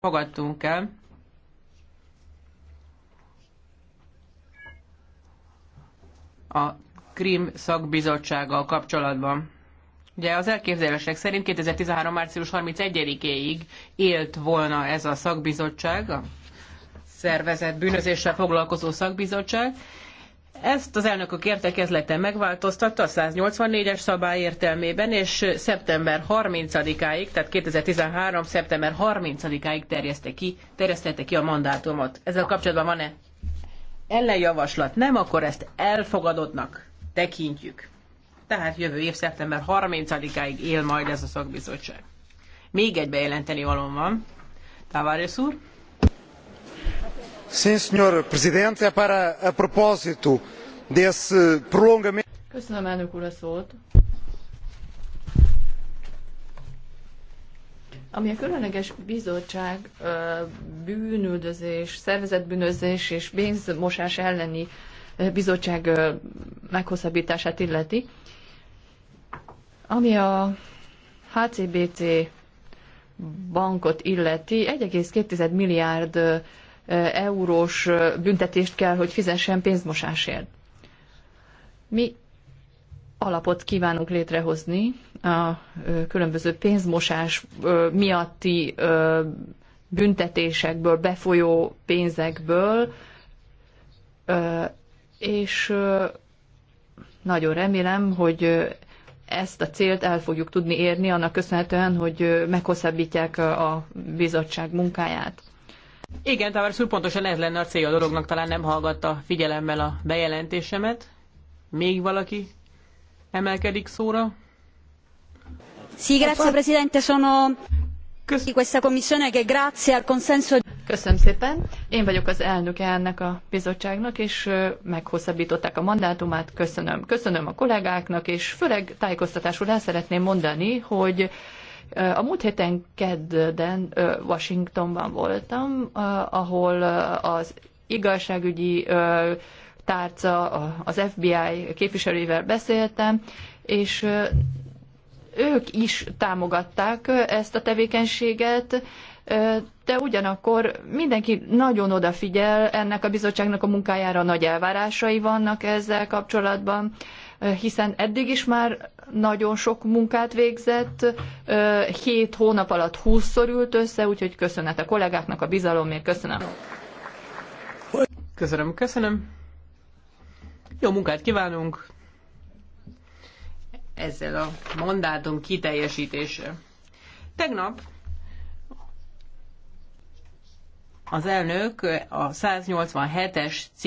fogadtunk el. a krim szakbizottsággal kapcsolatban. Ugye az elképzelések szerint 2013. március 31-éig élt volna ez a szakbizottság, a szervezett bűnözéssel foglalkozó szakbizottság, ezt az elnökök értekezlete megváltoztatta a 184-es szabály értelmében, és szeptember 30-áig, tehát 2013. szeptember 30-áig terjeszte ki, terjesztette ki a mandátumot. Ezzel kapcsolatban van-e ellenjavaslat? Nem, akkor ezt elfogadottnak tekintjük. Tehát jövő év szeptember 30-áig él majd ez a szakbizottság. Még egy bejelenteni valóm van. Tavares úr. Sim, senhor presidente, é para a propósito desse prolongamento. a Ami a különleges bizottság bűnüldözés, szervezetbűnözés és pénzmosás elleni bizottság meghosszabbítását illeti, ami a HCBC bankot illeti, 1,2 milliárd eurós büntetést kell, hogy fizessen pénzmosásért. Mi alapot kívánunk létrehozni a különböző pénzmosás miatti büntetésekből, befolyó pénzekből, és nagyon remélem, hogy ezt a célt el fogjuk tudni érni, annak köszönhetően, hogy meghosszabbítják a bizottság munkáját. Igen, Tavares úr, pontosan ez lenne a cél a dolognak, talán nem hallgatta figyelemmel a bejelentésemet. Még valaki emelkedik szóra? Sì, grazie Presidente, sono di questa commissione che grazie al consenso... Köszönöm szépen. Én vagyok az elnöke ennek a bizottságnak, és meghosszabbították a mandátumát. Köszönöm. Köszönöm a kollégáknak, és főleg tájékoztatásul el szeretném mondani, hogy a múlt héten kedden Washingtonban voltam, ahol az igazságügyi tárca, az FBI képviselőivel beszéltem, és ők is támogatták ezt a tevékenységet, de ugyanakkor mindenki nagyon odafigyel ennek a bizottságnak a munkájára, nagy elvárásai vannak ezzel kapcsolatban, hiszen eddig is már nagyon sok munkát végzett, hét hónap alatt húszszor ült össze, úgyhogy köszönet a kollégáknak a bizalomért, köszönöm. Köszönöm, köszönöm. Jó munkát kívánunk ezzel a mandátum kiteljesítése. Tegnap az elnök a 187-es